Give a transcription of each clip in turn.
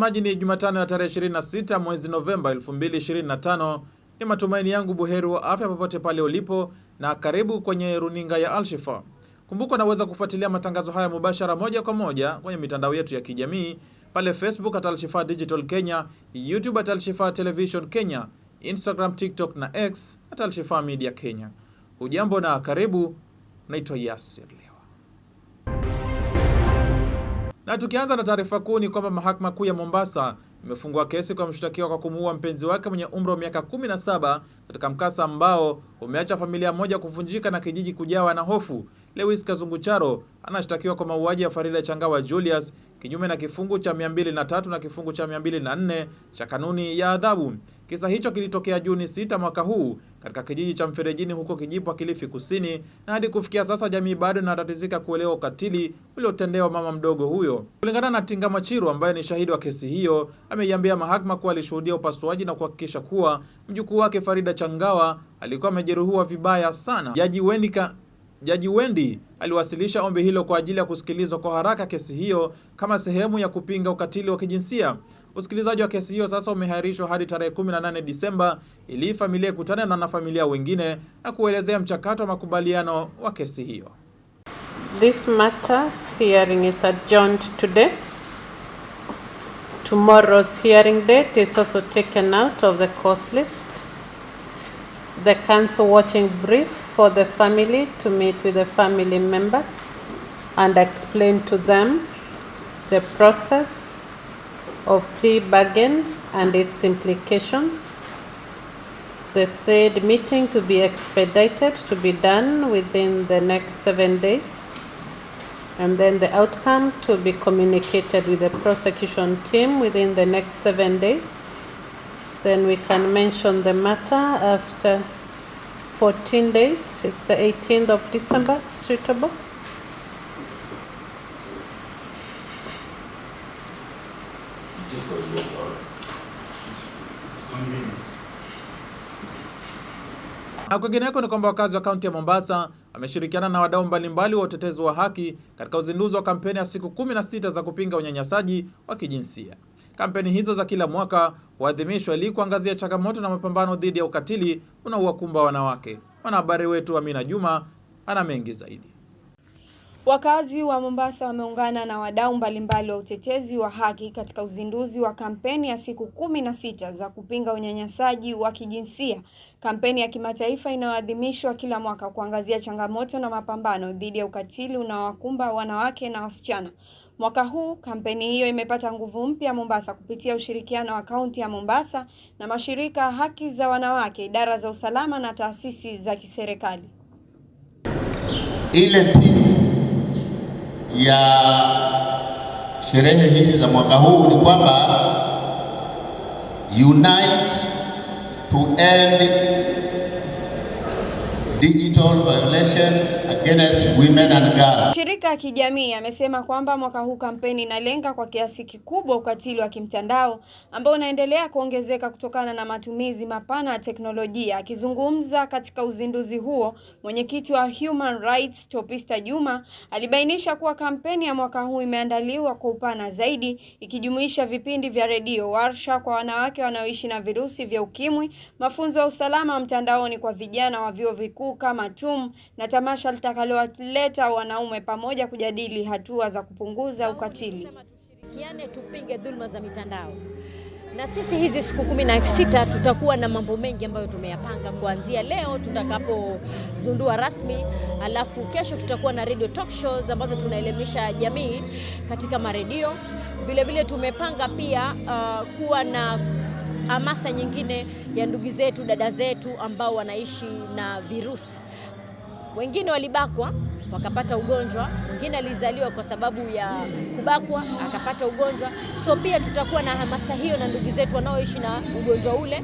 Mtazamaji, ni Jumatano ya tarehe 26 mwezi Novemba 2025. Ni matumaini yangu buheri wa afya popote pale ulipo, na karibu kwenye runinga ya Alshifa. Kumbuka unaweza kufuatilia matangazo haya mubashara, moja kwa moja kwenye mitandao yetu ya kijamii pale Facebook at Alshifa Digital Kenya, YouTube at Alshifa Television Kenya, Instagram, TikTok na X at Alshifa Media Kenya. Ujambo na karibu. Naitwa Yasir. Na tukianza na taarifa kuu ni kwamba mahakama kuu ya Mombasa imefungua kesi kwa mshtakiwa kwa kumuua mpenzi wake mwenye umri wa miaka 17 katika mkasa ambao umeacha familia moja kuvunjika na kijiji kujawa na hofu. Lewis Kazungucharo anashtakiwa kwa mauaji ya Farida Changawa Julius kinyume na kifungu cha 203 na kifungu cha 204 cha kanuni ya adhabu. Kisa hicho kilitokea Juni 6 mwaka huu katika kijiji cha Mferejini huko Kijipwa, Kilifi Kusini, na hadi kufikia sasa jamii bado inatatizika kuelewa ukatili uliotendewa mama mdogo huyo. Kulingana na Tinga Machiru ambaye ni shahidi wa kesi hiyo, ameiambia mahakama kuwa alishuhudia upasuaji na kuhakikisha kuwa mjukuu wake Farida Changawa alikuwa amejeruhiwa vibaya sana. Jaji Wendika Jaji Wendi aliwasilisha ombi hilo kwa ajili ya kusikilizwa kwa haraka kesi hiyo kama sehemu ya kupinga ukatili wa kijinsia. Usikilizaji wa kesi hiyo sasa umehairishwa hadi tarehe 18 Disemba ili familia ikutane na wanafamilia wengine na kuelezea mchakato wa makubaliano wa kesi hiyo. This matters hearing is adjourned today. Tomorrow's hearing date is also taken out of the course list. The council watching brief for the family to meet with the family members and explain to them the process of plea bargain and its implications. the said meeting to be expedited to be done within the next seven days and then the outcome to be communicated with the prosecution team within the next seven days. Then we can mention the matter after 14 days. It's the 18th of December, suitable. Na kwingineko ni kwamba wakazi wa kaunti ya Mombasa wameshirikiana na wadau mbalimbali wa utetezi wa haki katika uzinduzi wa kampeni ya siku 16 za kupinga unyanyasaji wa kijinsia. Kampeni hizo za kila mwaka huadhimishwa ili kuangazia changamoto na mapambano dhidi ya ukatili unaowakumba wanawake. Mwanahabari wetu Amina Juma ana mengi zaidi. Wakazi wa Mombasa wameungana na wadau mbalimbali wa utetezi wa haki katika uzinduzi wa kampeni ya siku kumi na sita za kupinga unyanyasaji wa kijinsia, kampeni ya kimataifa inayoadhimishwa kila mwaka kuangazia changamoto na mapambano dhidi ya ukatili unaowakumba wanawake na wasichana. Mwaka huu kampeni hiyo imepata nguvu mpya Mombasa kupitia ushirikiano wa kaunti ya Mombasa na mashirika ya haki za wanawake, idara za usalama na taasisi za kiserikali. Ile ya sherehe hizi za mwaka huu ni kwamba unite to end digital violation against women and girls. Shirika ya kijamii amesema kwamba mwaka huu kampeni inalenga kwa kiasi kikubwa ukatili wa kimtandao ambao unaendelea kuongezeka kutokana na matumizi mapana ya teknolojia. Akizungumza katika uzinduzi huo, mwenyekiti wa Human Rights Topista Juma alibainisha kuwa kampeni ya mwaka huu imeandaliwa kwa upana zaidi ikijumuisha vipindi vya redio, warsha kwa wanawake wanaoishi na virusi vya ukimwi, mafunzo ya usalama mtandaoni kwa vijana wa vyuo vikuu kama TUM na tamasha litakaloleta wanaume pamoja kujadili hatua za kupunguza ukatili. Tushirikiane tupinge dhuluma za mitandao na sisi hizi siku kumi na sita tutakuwa na mambo mengi ambayo tumeyapanga kuanzia leo tutakapozundua rasmi, alafu kesho tutakuwa na radio talk shows ambazo tunaelimisha jamii katika maredio. Vilevile tumepanga pia uh, kuwa na hamasa nyingine ya ndugu zetu, dada zetu ambao wanaishi na virusi. Wengine walibakwa wakapata ugonjwa, mwingine alizaliwa kwa sababu ya kubakwa akapata ugonjwa. So pia tutakuwa na hamasa hiyo na ndugu zetu wanaoishi na ugonjwa ule.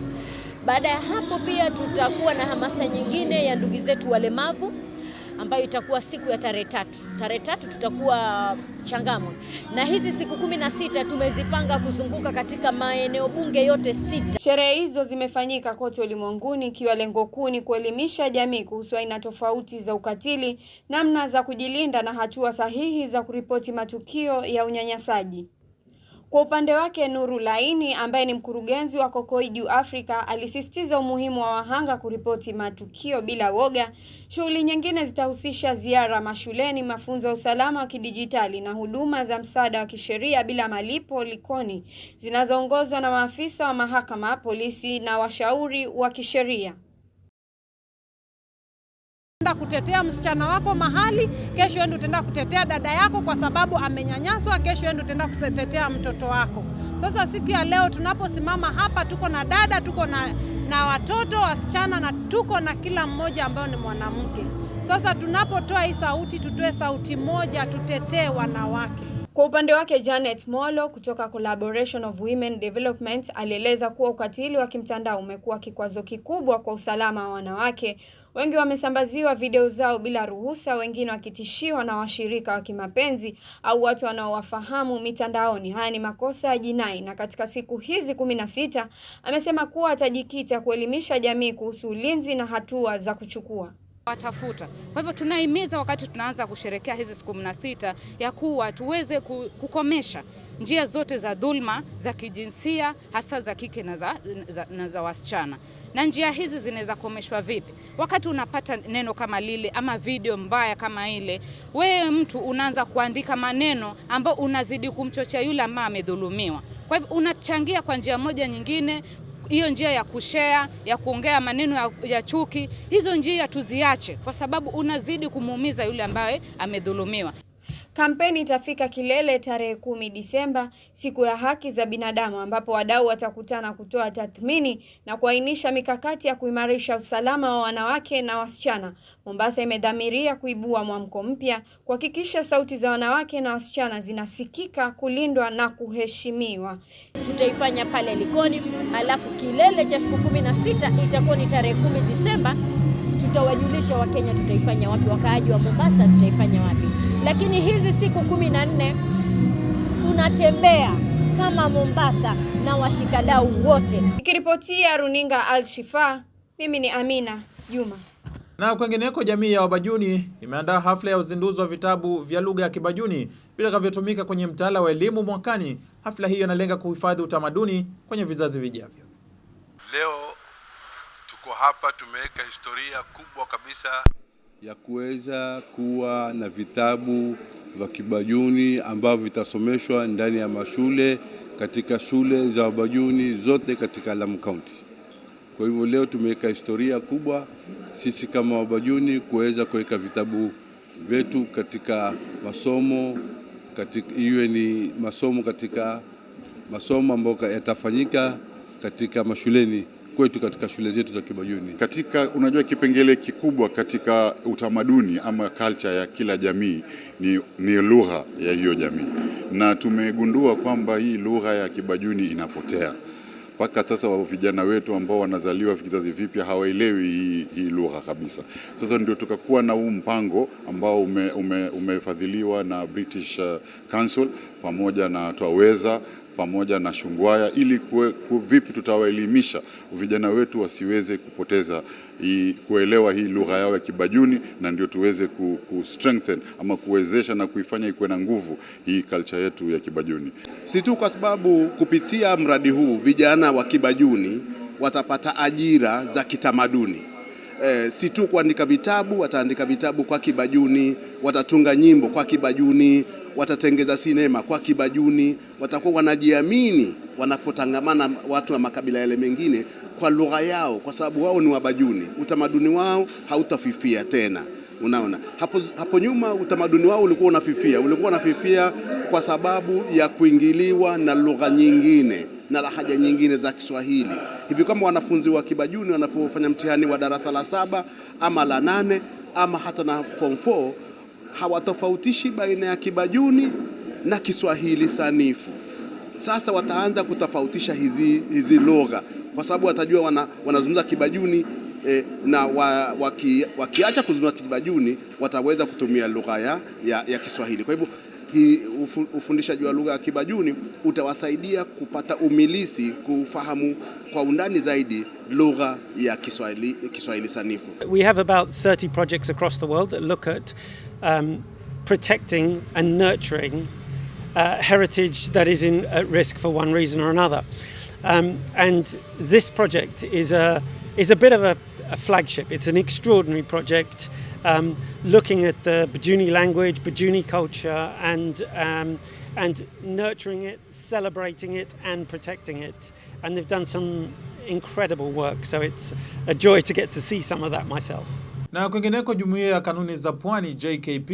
Baada ya hapo, pia tutakuwa na hamasa nyingine ya ndugu zetu walemavu ambayo itakuwa siku ya tarehe tatu. Tarehe tatu tutakuwa Changamwe, na hizi siku kumi na sita tumezipanga kuzunguka katika maeneo bunge yote sita. Sherehe hizo zimefanyika kote ulimwenguni, ikiwa lengo kuu ni kuelimisha jamii kuhusu aina tofauti za ukatili, namna za kujilinda na hatua sahihi za kuripoti matukio ya unyanyasaji. Kwa upande wake Nuru Laini ambaye ni mkurugenzi wa Kokoi Juu Afrika alisisitiza umuhimu wa wahanga kuripoti matukio bila woga. Shughuli nyingine zitahusisha ziara mashuleni, mafunzo ya usalama wa kidijitali na huduma za msaada wa kisheria bila malipo Likoni, zinazoongozwa na maafisa wa mahakama, polisi na washauri wa kisheria utaenda kutetea msichana wako mahali, kesho wewe utaenda kutetea dada yako kwa sababu amenyanyaswa, kesho wewe utaenda kutetea mtoto wako. Sasa siku ya leo tunaposimama hapa, tuko na dada, tuko na, na watoto wasichana, na tuko na kila mmoja ambayo ni mwanamke. Sasa tunapotoa hii sauti, tutoe sauti moja, tutetee wanawake. Kwa upande wake Janet Molo kutoka Collaboration of Women Development alieleza kuwa ukatili wa kimtandao umekuwa kikwazo kikubwa kwa usalama wa wanawake. Wengi wamesambaziwa video zao bila ruhusa, wengine wakitishiwa na washirika wa kimapenzi au watu wanaowafahamu mitandaoni. Haya ni makosa ya jinai, na katika siku hizi kumi na sita amesema kuwa atajikita kuelimisha jamii kuhusu ulinzi na hatua za kuchukua watafuta. Kwa hivyo tunahimiza wakati tunaanza kusherekea hizi siku na sita ya kuwa tuweze kukomesha njia zote za dhulma za kijinsia hasa za kike na za, za, na za wasichana. Na njia hizi zinaweza komeshwa vipi? Wakati unapata neno kama lile ama video mbaya kama ile, wewe mtu unaanza kuandika maneno ambayo unazidi kumchochea yule ambaye amedhulumiwa. Kwa hivyo unachangia kwa njia moja nyingine hiyo njia ya kushare ya kuongea maneno ya, ya chuki, hizo njia tuziache, kwa sababu unazidi kumuumiza yule ambaye amedhulumiwa. Kampeni itafika kilele tarehe kumi Disemba, siku ya haki za binadamu, ambapo wadau watakutana kutoa tathmini na kuainisha mikakati ya kuimarisha usalama wa wanawake na wasichana. Mombasa imedhamiria kuibua mwamko mpya, kuhakikisha sauti za wanawake na wasichana zinasikika, kulindwa na kuheshimiwa. Tutaifanya pale Likoni, alafu kilele cha siku kumi na sita itakuwa ni tarehe kumi Disemba. Tutawajulisha Wakenya tutaifanya wapi, wakaaji wa Mombasa tutaifanya wapi lakini hizi siku kumi na nne tunatembea kama Mombasa na washikadau wote. Nikiripotia runinga Al Shifa, mimi ni Amina Juma. Na kwengineko, jamii ya Wabajuni imeandaa hafla ya uzinduzi wa vitabu vya lugha ya Kibajuni vitakavyotumika kwenye mtaala wa elimu mwakani. Hafla hiyo inalenga kuhifadhi utamaduni kwenye vizazi vijavyo. Leo tuko hapa tumeweka historia kubwa kabisa ya kuweza kuwa na vitabu vya Kibajuni ambavyo vitasomeshwa ndani ya mashule katika shule za Wabajuni zote katika Lamu County. Kwa hivyo leo tumeweka historia kubwa sisi kama Wabajuni kuweza kuweka vitabu vyetu katika masomo katika, iwe ni masomo katika masomo ambayo yatafanyika katika mashuleni kwetu katika shule zetu za Kibajuni. Katika unajua, kipengele kikubwa katika utamaduni ama culture ya kila jamii ni, ni lugha ya hiyo jamii, na tumegundua kwamba hii lugha ya Kibajuni inapotea mpaka sasa vijana wetu ambao wanazaliwa vizazi vipya hawaelewi hii, hii lugha kabisa. Sasa ndio tukakuwa na huu mpango ambao ume, ume, umefadhiliwa na British uh, Council pamoja na Twaweza pamoja na Shungwaya ili kue, kue, vipi tutawaelimisha vijana wetu wasiweze kupoteza i, kuelewa hii lugha yao ya Kibajuni na ndio tuweze ku, ku strengthen ama kuwezesha na kuifanya ikuwe na nguvu hii culture yetu ya Kibajuni, si tu kwa sababu kupitia mradi huu vijana wa Kibajuni watapata ajira za kitamaduni. E, si tu kuandika vitabu, wataandika vitabu kwa Kibajuni, watatunga nyimbo kwa Kibajuni watatengeza sinema kwa Kibajuni, watakuwa wanajiamini wanapotangamana watu wa makabila yale mengine kwa lugha yao, kwa sababu wao ni Wabajuni. Utamaduni wao hautafifia tena. Unaona, hapo, hapo nyuma utamaduni wao ulikuwa unafifia, ulikuwa unafifia kwa sababu ya kuingiliwa na lugha nyingine na lahaja nyingine za Kiswahili. Hivi kama wanafunzi wa Kibajuni wanapofanya mtihani wa darasa la saba ama la nane ama hata na form 4 hawatofautishi baina ya Kibajuni na Kiswahili sanifu. Sasa wataanza kutofautisha hizi, hizi lugha kwa sababu watajua wana, wanazungumza Kibajuni eh, na wa, waki, wakiacha kuzungumza Kibajuni wataweza kutumia lugha ya, ya, ya Kiswahili. Kwa hivyo ufundishaji wa lugha ya Kibajuni utawasaidia kupata umilisi, kufahamu kwa undani zaidi lugha ya Kiswahili, Kiswahili sanifu. We have about 30 projects across the world that look at um, protecting and nurturing uh, heritage that is in, at risk for one reason or another. Um, and this project is a, is a bit of a, a flagship. It's an extraordinary project um, looking at the Bajuni language, Bajuni culture, and, um, and nurturing it, celebrating it, and protecting it. And they've done some incredible work, so it's a joy to get to see some of that myself. Na kwingineko, jumuiya ya kanuni za pwani JKP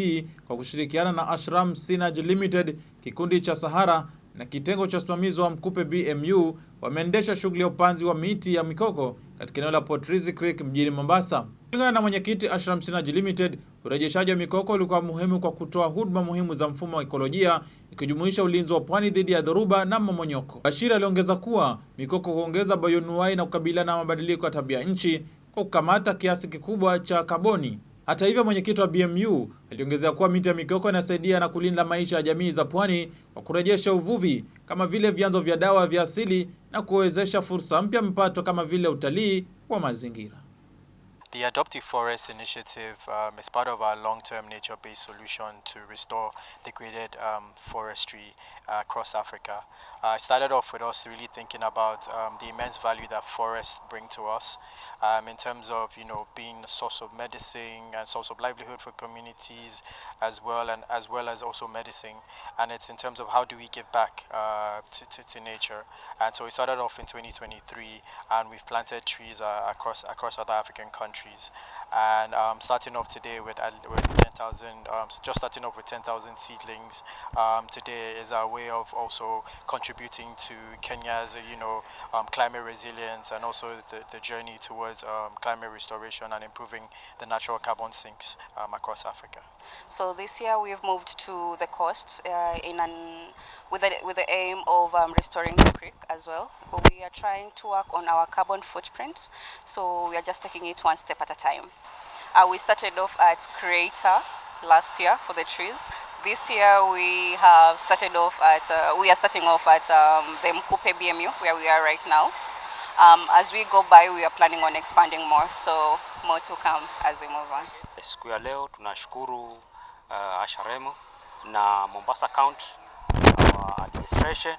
kwa kushirikiana na Ashram Synergy Limited, kikundi cha Sahara na kitengo cha usimamizi wa Mkupe BMU wameendesha shughuli ya upanzi wa miti ya mikoko katika eneo la Potrisi Creek mjini Mombasa. Kulingana na mwenyekiti Ashram Synergy Limited, urejeshaji wa mikoko ulikuwa muhimu kwa kutoa huduma muhimu za mfumo wa ikolojia ikijumuisha ulinzi wa pwani dhidi ya dhoruba na mmomonyoko. Bashiri aliongeza kuwa mikoko huongeza bayonuai na kukabiliana na mabadiliko ya tabia nchi kwa kukamata kiasi kikubwa cha kaboni. Hata hivyo, mwenyekiti wa BMU aliongezea kuwa miti ya mikoko inasaidia na kulinda maisha ya jamii za pwani kwa kurejesha uvuvi kama vile vyanzo vya dawa vya asili na kuwezesha fursa mpya mpato kama vile utalii wa mazingira. The Adoptive Forest Initiative um, is part of our long-term nature-based solution to restore degraded um, forestry uh, across Africa. Uh, it started off with us really thinking about um, the immense value that forests bring to us um, in terms of you know being a source of medicine and source of livelihood for communities as well and as well as also medicine and it's in terms of how do we give back uh, to, to, to, nature and so we started off in 2023 and we've planted trees uh, across across other African countries countries. And um, starting off today with, uh, with 10,000, um, just starting off with 10,000 seedlings um, today is our way of also contributing to Kenya's, you know, um, climate resilience and also the, the journey towards um, climate restoration and improving the natural carbon sinks um, across Africa. So this year we've moved to the coast uh, in an with, the, with the aim of um, restoring the creek as well. We are trying to work on our carbon footprint, so we are just taking it one step at a time. Uh, we started off at Creator last year for the trees. This year we have started off at, uh, we are starting off at um, the Mkupe BMU where we are right now. Um, as we go by we are planning on expanding more, so more to come as we move on. Siku ya leo tunashukuru uh, Asharemu na Mombasa County Administration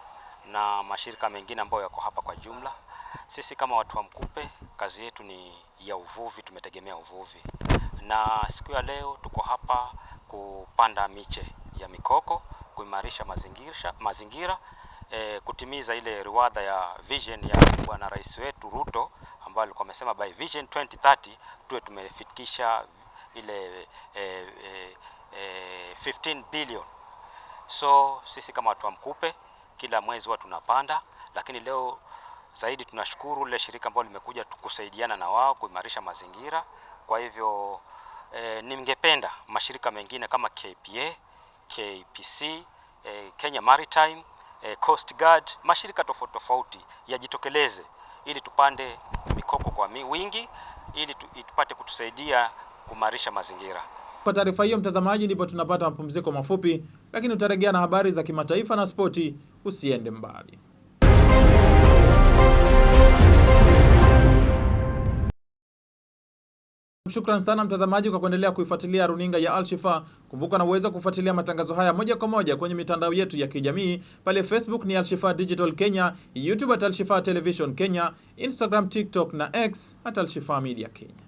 na mashirika mengine ambayo yako hapa kwa jumla. Sisi kama watu wa Mkupe, kazi yetu ni ya uvuvi, tumetegemea uvuvi, na siku ya leo tuko hapa kupanda miche ya mikoko, kuimarisha mazingira, mazingira eh, e, kutimiza ile riwadha ya vision ya bwana rais wetu Ruto ambayo alikuwa amesema by vision 2030 tuwe tumefikisha ile e, e, e, 15 billion So sisi kama watu wa Mkupe kila mwezi huwa tunapanda, lakini leo zaidi tunashukuru lile shirika ambalo limekuja kusaidiana na wao kuimarisha mazingira. Kwa hivyo e, ningependa mashirika mengine kama KPA, KPC, e, eh, Kenya Maritime, e, Coast Guard, mashirika tofauti tofauti yajitokeleze ili tupande mikoko kwa wingi ili tupate kutusaidia kuimarisha mazingira. Kwa taarifa hiyo, mtazamaji, ndipo tunapata mapumziko mafupi lakini utarejea na habari za kimataifa na spoti. Usiende mbali. Shukran sana mtazamaji kwa kuendelea kuifuatilia runinga ya Alshifa. Kumbuka na uweza kufuatilia matangazo haya moja kwa moja kwenye mitandao yetu ya kijamii pale Facebook ni Alshifa Digital Kenya, YouTube at Alshifa Television Kenya, Instagram, TikTok na X at Alshifa Media Kenya.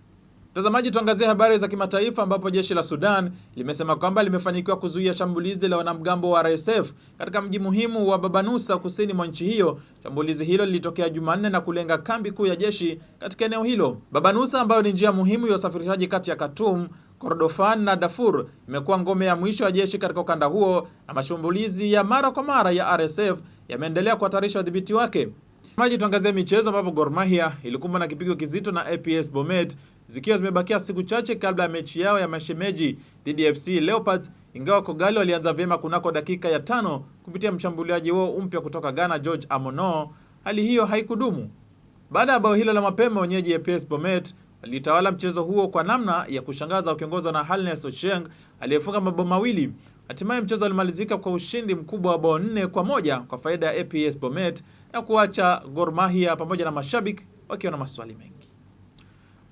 Mtazamaji, tuangazie habari za kimataifa ambapo jeshi la Sudan limesema kwamba limefanikiwa kuzuia shambulizi la wanamgambo wa RSF katika mji muhimu wa Babanusa kusini mwa nchi hiyo. Shambulizi hilo lilitokea Jumanne na kulenga kambi kuu ya jeshi katika eneo hilo. Babanusa ambayo ni njia muhimu ya usafirishaji kati ya Khartoum Kordofan na Darfur imekuwa ngome ya mwisho ya jeshi katika ukanda huo, na mashambulizi ya mara kwa mara ya RSF yameendelea kuhatarisha udhibiti wake. Maji tuangazie michezo ambapo Gor Mahia ilikumbwa na kipigo kizito na APS Bomet Zikiwa zimebakia siku chache kabla ya mechi yao ya mashemeji dhidi ya FC Leopards, ingawa Kogalo walianza vyema kunako dakika ya tano kupitia mshambuliaji wao mpya kutoka Ghana George Amono, hali hiyo haikudumu. Baada ya bao hilo la mapema, wenyeji APS Bomet walitawala mchezo huo kwa namna ya kushangaza wakiongozwa na Halnes Ocheng aliyefunga mabao mawili. Hatimaye mchezo ulimalizika kwa ushindi mkubwa wa bao nne kwa moja kwa faida ya APS Bomet na kuacha Gor Mahia pamoja na mashabiki wakiwa na maswali mengi.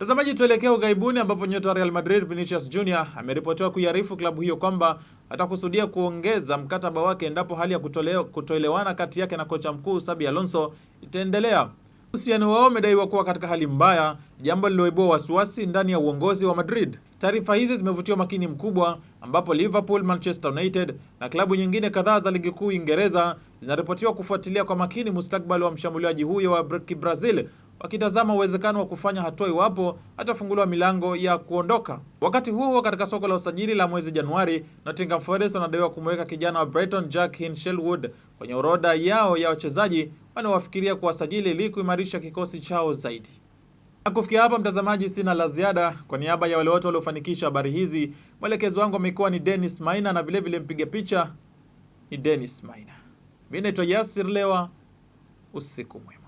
Mtazamaji, tuelekea ugaibuni ambapo nyota wa Real Madrid Vinicius Junior ameripotiwa kuiarifu klabu hiyo kwamba atakusudia kuongeza mkataba wake endapo hali ya kutoelewana kati yake na kocha mkuu Xabi Alonso itaendelea. Uhusiano wao umedaiwa kuwa katika hali mbaya, jambo lililoibua wasiwasi ndani ya uongozi wa Madrid. Taarifa hizi zimevutia makini mkubwa, ambapo Liverpool, Manchester United na klabu nyingine kadhaa za ligi kuu Uingereza zinaripotiwa kufuatilia kwa makini mustakbali wa mshambuliaji huyo wa Kibrazil wakitazama uwezekano wa kufanya hatua iwapo atafunguliwa milango ya kuondoka. Wakati huo huo, katika soko la usajili la mwezi Januari, Nottingham Forest wanadaiwa kumweka kijana wa Brighton Jack Hinshelwood kwenye orodha yao ya wachezaji wanaowafikiria kuwasajili ili kuimarisha kikosi chao zaidi. Na kufikia hapa, mtazamaji, sina la ziada. Kwa niaba ya wale wote waliofanikisha habari hizi, mwelekezo wangu amekuwa ni Dennis Maina na vilevile mpiga picha ni Dennis Maina. Mimi naitwa Yasir Lewa, usiku mwema.